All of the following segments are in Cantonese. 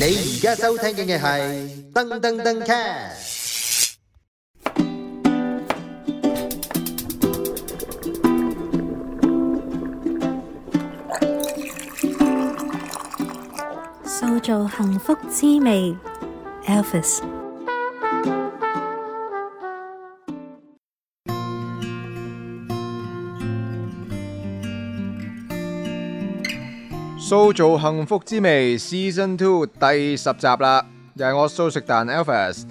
你而家收聽嘅係燈登登 cast，塑造幸福滋味，Elvis。塑造幸福之味 Season Two 第十集啦，又係我素食蛋 Alphas。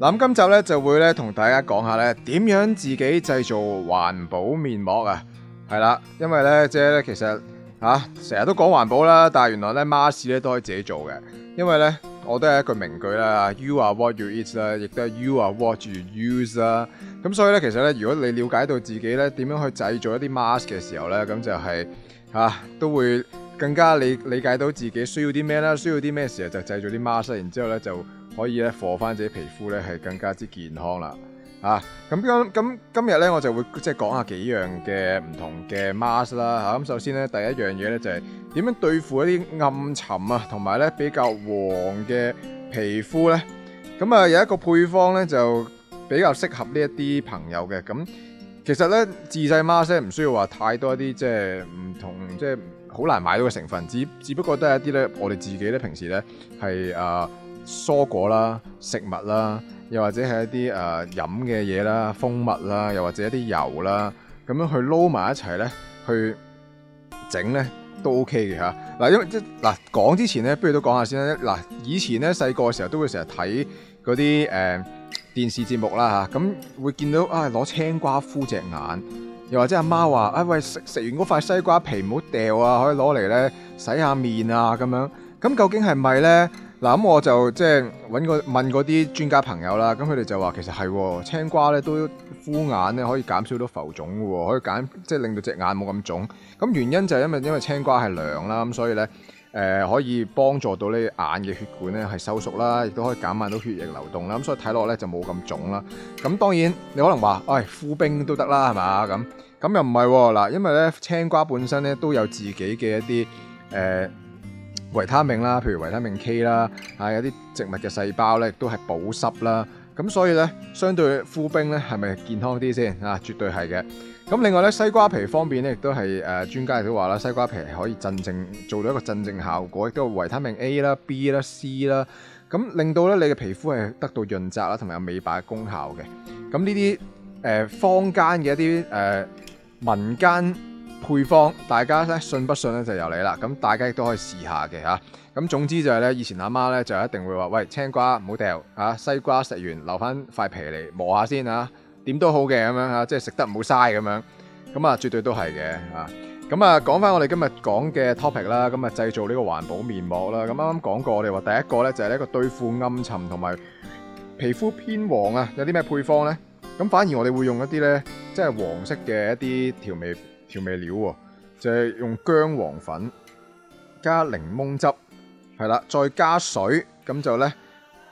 咁今集咧就會咧同大家講下咧點樣自己製造環保面膜啊，係啦，因為咧即係其實吓成日都講環保啦，但係原來咧 mask 咧都可以自己做嘅。因為咧我都係一句名句啦，You are what you eat 啦，亦都係 You are what you use 啦。咁所以咧其實咧如果你了解到自己咧點樣去製造一啲 mask 嘅時候咧，咁就係、吓啊、都會。更加理理解到自己需要啲咩啦，需要啲咩時候就製造啲 mask，然之後咧就可以咧，火翻自己皮膚咧係更加之健康啦啊。啊，咁今咁今日咧，我就會即係講下幾樣嘅唔同嘅 mask 啦。吓，咁首先咧，第一樣嘢咧就係點樣對付一啲暗沉啊，同埋咧比較黃嘅皮膚咧。咁啊，有一個配方咧就比較適合呢一啲朋友嘅。咁其實咧自製 mask 唔需要話太多啲即係唔同即係。好難買到嘅成分，只只不過都係一啲咧，我哋自己咧平時咧係啊蔬果啦、食物啦，又或者係一啲啊、呃、飲嘅嘢啦、蜂蜜啦，又或者一啲油啦，咁樣去撈埋一齊咧，去整咧都 OK 嘅嚇。嗱、啊，因為即嗱、啊、講之前咧，不如都講下先啦。嗱、啊，以前咧細個嘅時候都會成日睇嗰啲誒電視節目啦嚇，咁、啊、會見到啊攞青瓜敷隻眼。又或者阿媽話：啊喂，食食完嗰塊西瓜皮唔好掉啊，可以攞嚟咧洗下面啊咁樣。咁究竟係咪咧？嗱咁我就即係搵個問嗰啲專家朋友啦。咁佢哋就話其實係喎，青瓜咧都敷眼咧可以減少到浮腫嘅，可以減即係令到隻眼冇咁腫。咁原因就係因為因為青瓜係涼啦，咁所以咧。誒、呃、可以幫助到你眼嘅血管咧係收縮啦，亦都可以減慢到血液流動啦，咁、嗯、所以睇落咧就冇咁腫啦。咁當然你可能話，哎敷冰都得啦，係嘛？咁咁又唔係喎嗱，因為咧青瓜本身咧都有自己嘅一啲誒、呃、維他命啦，譬如維他命 K 啦，啊有啲植物嘅細胞咧都係保濕啦，咁、啊、所以咧相對敷冰咧係咪健康啲先啊？絕對係嘅。咁另外咧，西瓜皮方面咧，亦都係誒專家都話啦，西瓜皮可以鎮靜，做到一個鎮靜效果，亦都維他命 A 啦、B 啦、C 啦，咁令到咧你嘅皮膚係得到潤澤啦、啊，同埋有美白嘅功效嘅。咁呢啲誒坊間嘅一啲、呃、民間配方，大家咧信不信咧就由你啦。咁大家亦都可以試下嘅，咁、啊、總之就係咧，以前阿媽咧就一定會話，喂，青瓜唔好掉啊，西瓜食完留翻塊皮嚟磨下先啊。點都好嘅咁樣吓，即係食得唔好嘥咁樣咁啊，絕對都係嘅啊。咁啊，講翻我哋今日講嘅 topic 啦，咁啊，製造呢個環保面膜啦。咁啱啱講過，我哋話第一個咧就係呢個對付暗沉同埋皮膚偏黃啊，有啲咩配方咧？咁反而我哋會用一啲咧，即係黃色嘅一啲調味調味料喎，就係用薑黃粉加檸檬汁係啦，再加水咁就咧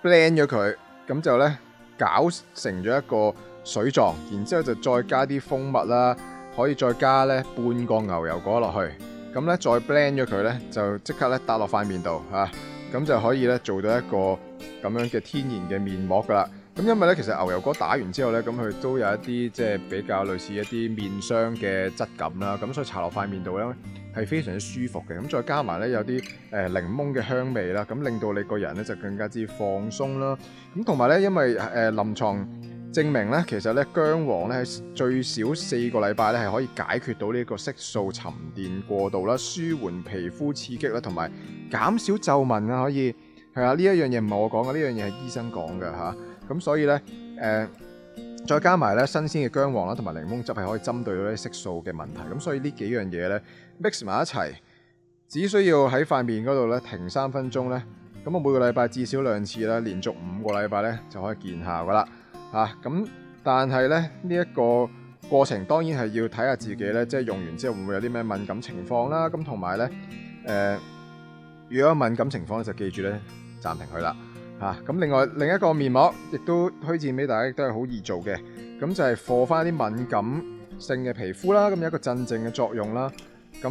blend 咗佢，咁就咧搞成咗一個。水狀，然之後就再加啲蜂蜜啦，可以再加咧半個牛油果落去，咁咧再 blend 咗佢咧就即刻咧打落塊面度嚇，咁、啊、就可以咧做到一個咁樣嘅天然嘅面膜噶啦。咁、嗯、因為咧其實牛油果打完之後咧，咁佢都有一啲即係比較類似一啲面霜嘅質感啦，咁、嗯、所以搽落塊面度咧係非常之舒服嘅。咁、嗯、再加埋咧有啲誒、呃、檸檬嘅香味啦，咁、嗯、令到你個人咧就更加之放鬆啦。咁同埋咧因為誒臨床，呃證明咧，其實咧薑黃咧最少四個禮拜咧係可以解決到呢個色素沉澱過度啦，舒緩皮膚刺激啦，同埋減少皺紋啊，可以係啊呢一樣嘢唔係我講嘅，呢樣嘢係醫生講嘅吓。咁所以咧，誒，再加埋咧新鮮嘅薑黃啦，同埋檸檬汁係可以針對到啲色素嘅問題。咁所以呢幾樣嘢咧 mix 埋一齊，只需要喺塊面嗰度咧停三分鐘咧，咁啊每個禮拜至少兩次啦，連續五個禮拜咧就可以見效噶啦。嚇咁、啊，但係咧呢一、這個過程當然係要睇下自己咧，即、就、係、是、用完之後會唔會有啲咩敏感情況啦。咁同埋咧，誒、呃，如果有敏感情況咧，就記住咧，暫停佢啦。嚇、啊、咁，另外另一個面膜亦都推薦俾大家，亦都係好易做嘅。咁就係放翻啲敏感性嘅皮膚啦，咁有一個鎮靜嘅作用啦。咁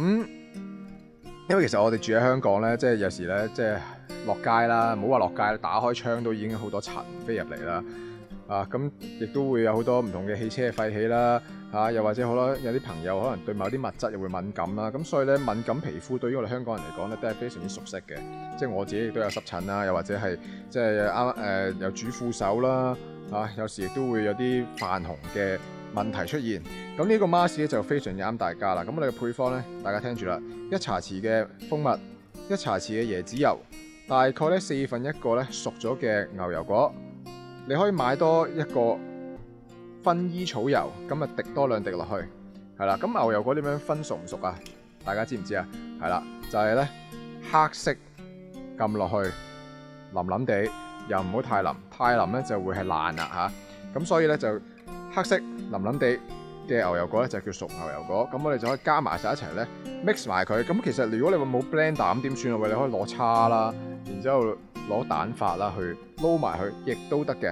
因為其實我哋住喺香港咧，即、就、係、是、有時咧，即係落街啦，唔好話落街啦，打開窗都已經好多塵飛入嚟啦。啊，咁亦都會有好多唔同嘅汽車廢氣啦、啊，又或者好多，有啲朋友可能對某啲物質又會敏感啦，咁所以咧敏感皮膚對於我哋香港人嚟講咧都係非常之熟悉嘅，即係我自己亦都有濕疹啦，又或者係即係啱誒有主婦手啦，啊、有時亦都會有啲泛紅嘅問題出現。咁呢個 mask 就非常啱大家啦。咁我哋嘅配方咧，大家聽住啦，一茶匙嘅蜂蜜，一茶匙嘅椰子油，大概咧四分一個咧熟咗嘅牛油果。你可以買多一個薰衣草油，咁咪滴多兩滴落去，係啦。咁牛油果點樣分熟唔熟啊？大家知唔知啊？係啦，就係、是、咧黑色撳落去，腍腍地，又唔好太腍，太腍咧就會係爛啦吓，咁、啊、所以咧就黑色腍腍地嘅牛油果咧就叫熟牛油果。咁我哋就可以加埋晒一齊咧 mix 埋佢。咁其實如果你會冇 blender 咁點算啊？喂，你可以攞叉啦。然之後攞蛋發啦，去撈埋佢，亦都得嘅。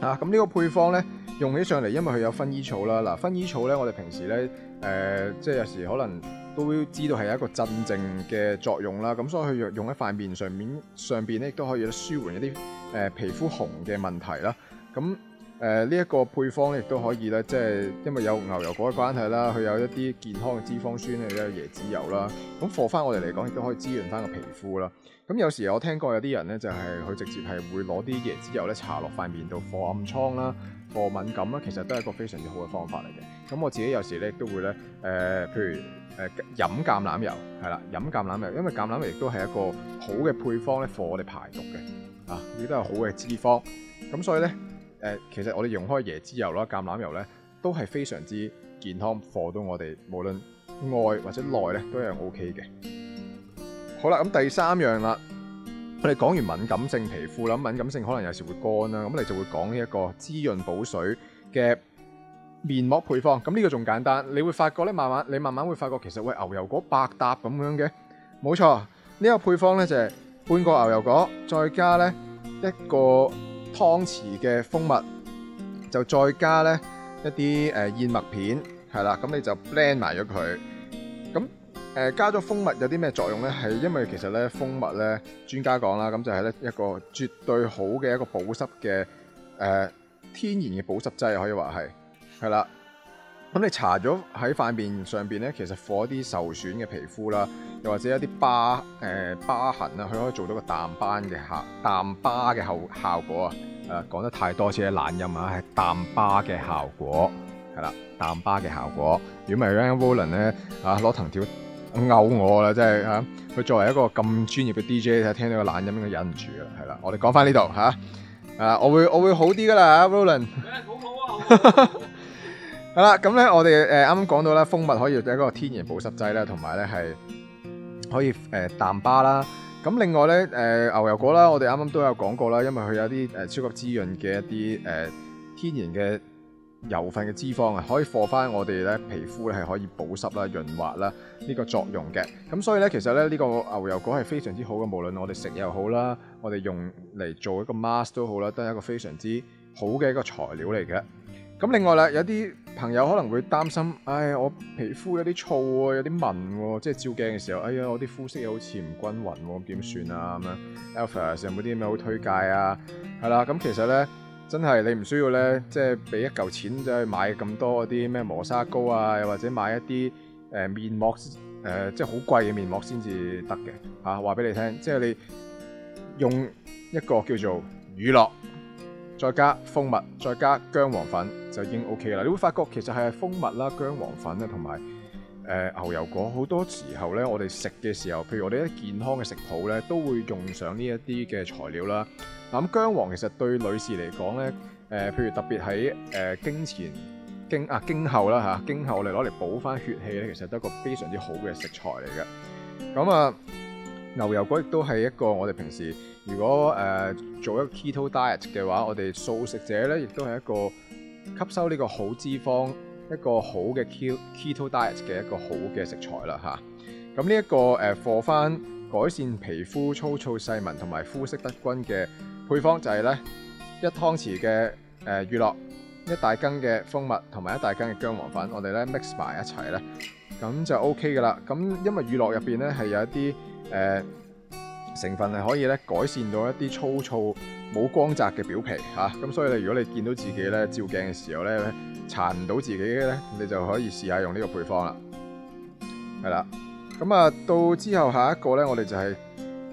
啊，咁呢個配方咧，用起上嚟，因為佢有薰衣草啦。嗱、啊，薰衣草咧，我哋平時咧，誒、呃，即係有時可能都知道係一個鎮靜嘅作用啦。咁、啊、所以佢用喺塊面上面上邊咧，亦都可以舒緩一啲誒、呃、皮膚紅嘅問題啦。咁、啊。誒呢一個配方咧，亦都可以咧，即係因為有牛油果嘅關係啦，佢有一啲健康嘅脂肪酸咧，亦有椰子油啦。咁放翻我哋嚟講，亦都可以滋潤翻個皮膚啦。咁有時我聽過有啲人咧，就係佢直接係會攞啲椰子油咧，搽落塊面度，放暗瘡啦，放敏感啦，其實都係一個非常之好嘅方法嚟嘅。咁我自己有時咧，亦都會咧，誒，譬如誒飲、呃、橄欖油係啦，飲橄欖油，因為橄欖油亦都係一個好嘅配方咧，幫我哋排毒嘅啊，亦都係好嘅脂肪。咁所以咧。誒，其實我哋用開椰子油啦、橄欖油呢，都係非常之健康 for 到我哋無論外或者內呢，都係 OK 嘅。好啦，咁第三樣啦，我哋講完敏感性皮膚啦，敏感性可能有時會乾啦，咁你就會講呢一個滋潤補水嘅面膜配方。咁呢個仲簡單，你會發覺呢，慢慢你慢慢會發覺，其實喂牛油果百搭咁樣嘅，冇錯。呢個配方呢，就係半個牛油果，再加呢一個。湯匙嘅蜂蜜就再加呢一啲誒、呃、燕麥片係啦，咁你就 blend 埋咗佢。咁誒、呃、加咗蜂蜜有啲咩作用呢？係因為其實呢蜂蜜呢，專家講啦，咁就係呢一個絕對好嘅一個保濕嘅誒、呃、天然嘅保濕劑，可以話係係啦。咁你搽咗喺塊面上邊咧，其實火啲受損嘅皮膚啦，又或者一啲疤誒疤痕啦，佢可以做到一個淡斑嘅效，淡疤嘅效果啊。誒，講得太多次嘅懶音啊，係淡疤嘅效果，係啦，淡疤嘅效果。如果唔係，咁 Rollin 咧啊，攞藤條咬我啦，即係吓。佢、啊、作為一個咁專業嘅 DJ，睇聽到個懶音應該，佢忍唔住噶啦。係啦，我哋講翻呢度吓，誒、啊，我會我會好啲噶啦，Rollin。好好啊。 好啦，咁咧我哋誒啱啱講到咧，蜂蜜可以一個天然保濕劑啦，同埋咧係可以誒淡疤啦。咁另外咧誒牛油果啦，我哋啱啱都有講過啦，因為佢有啲誒超級滋潤嘅一啲誒天然嘅油份嘅脂肪啊，可以放翻我哋咧皮膚咧係可以保濕啦、潤滑啦呢個作用嘅。咁所以咧其實咧呢個牛油果係非常之好嘅，無論我哋食又好啦，我哋用嚟做一個 mask 都好啦，都係一個非常之好嘅一個材料嚟嘅。咁另外啦，有啲朋友可能會擔心，唉、哎，我皮膚有啲燥喎，有啲紋喎，即係照鏡嘅時候，哎呀，我啲膚色又好似唔均勻喎，咁點算啊咁樣？Elvis 有冇啲咩好推介啊？係啦，咁其實咧，真係你唔需要咧，即係俾一嚿錢就去買咁多嗰啲咩磨砂膏啊，又或者買一啲誒面膜，誒即係好貴嘅面膜先至得嘅嚇。話俾你聽，即係你用一個叫做乳酪。再加蜂蜜，再加薑黃粉就已經 OK 啦。你會發覺其實係蜂蜜啦、薑黃粉咧，同埋誒牛油果好多時候呢，我哋食嘅時候，譬如我哋一健康嘅食譜呢，都會用上呢一啲嘅材料啦。咁薑黃其實對女士嚟講呢，誒、呃、譬如特別喺誒、呃、經前經啊經後啦嚇、啊，經後我哋攞嚟補翻血氣呢，其實都係一個非常之好嘅食材嚟嘅。咁啊～牛油果亦都係一個我哋平時如果誒、呃、做一個 keto diet 嘅話，我哋素食者咧亦都係一個吸收呢個好脂肪一個好嘅 ket keto diet 嘅一個好嘅食材啦吓，咁呢一個誒 for 翻改善皮膚粗糙細紋同埋膚色不均嘅配方就係咧一湯匙嘅誒乳酪，一大羹嘅蜂蜜同埋一大羹嘅姜黃粉，我哋咧 mix 埋一齊咧，咁就 OK 噶啦。咁因為乳酪入邊咧係有一啲。誒、呃，成分係可以咧改善到一啲粗糙、冇光澤嘅表皮吓，咁、啊、所以你如果你見到自己咧照鏡嘅時候咧，殘唔到自己嘅咧，你就可以試下用呢個配方啦，係啦，咁啊到之後下一個咧，我哋就係、是。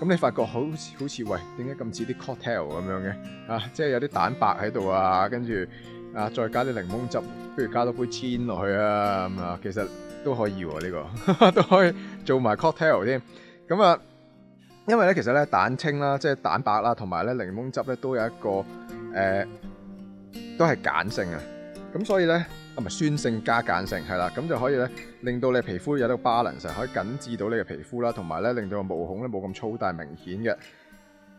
咁你發覺好似好似喂，點解咁似啲 cocktail 咁樣嘅啊？即係有啲蛋白喺度啊，跟住啊，再加啲檸檬汁，不如加多杯 Gin 落去啊咁啊，其實都可以喎，啊，呢、呢個 都可以做埋 cocktail 添。咁啊，因為咧其實咧蛋清啦，即係蛋白啦，同埋咧檸檬汁咧都有一個、呃、都係鹼性啊。咁所以咧。咪酸性加鹼性係啦，咁就可以咧，令到你皮膚有到巴嫩，成可以緊緻到你嘅皮膚啦，同埋咧令到個毛孔咧冇咁粗大明顯嘅。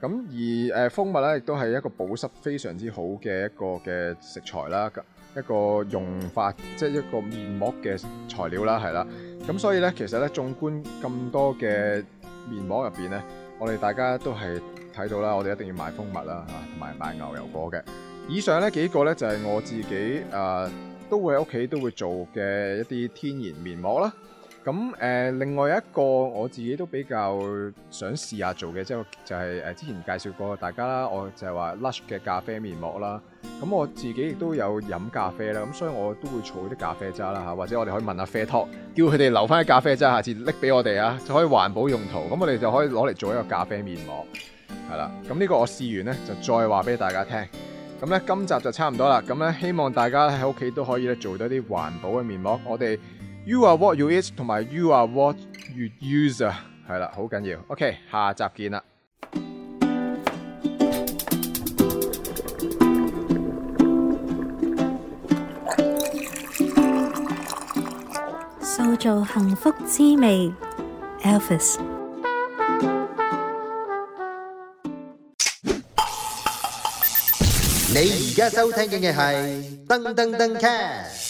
咁而誒、呃、蜂蜜咧，亦都係一個保濕非常之好嘅一個嘅食材啦，一個用法，即係一個面膜嘅材料啦，係啦。咁所以咧，其實咧，縱觀咁多嘅面膜入邊咧，我哋大家都係睇到啦，我哋一定要買蜂蜜啦，同、啊、埋買牛油果嘅。以上呢幾個咧就係、是、我自己誒。啊都會喺屋企都會做嘅一啲天然面膜啦。咁誒、呃，另外一個我自己都比較想試下做嘅，即係就係、是、誒、呃、之前介紹過大家啦。我就係話 Lush 嘅咖啡面膜啦。咁我自己亦都有飲咖啡啦。咁所以我都會儲啲咖啡渣啦嚇，或者我哋可以問下啡托，叫佢哋留翻啲咖啡渣，下次拎俾我哋啊，就可以環保用途。咁我哋就可以攞嚟做一個咖啡面膜。係啦，咁呢個我試完呢，就再話俾大家聽。咁咧，今集就差唔多啦。咁咧，希望大家喺屋企都可以咧做到啲環保嘅面膜。我哋 You are what you eat 同埋 You are what you use，啊，係啦，好緊要。OK，下集見啦。塑造幸福滋味，Elvis。你而家收聽嘅係燈登登 cast。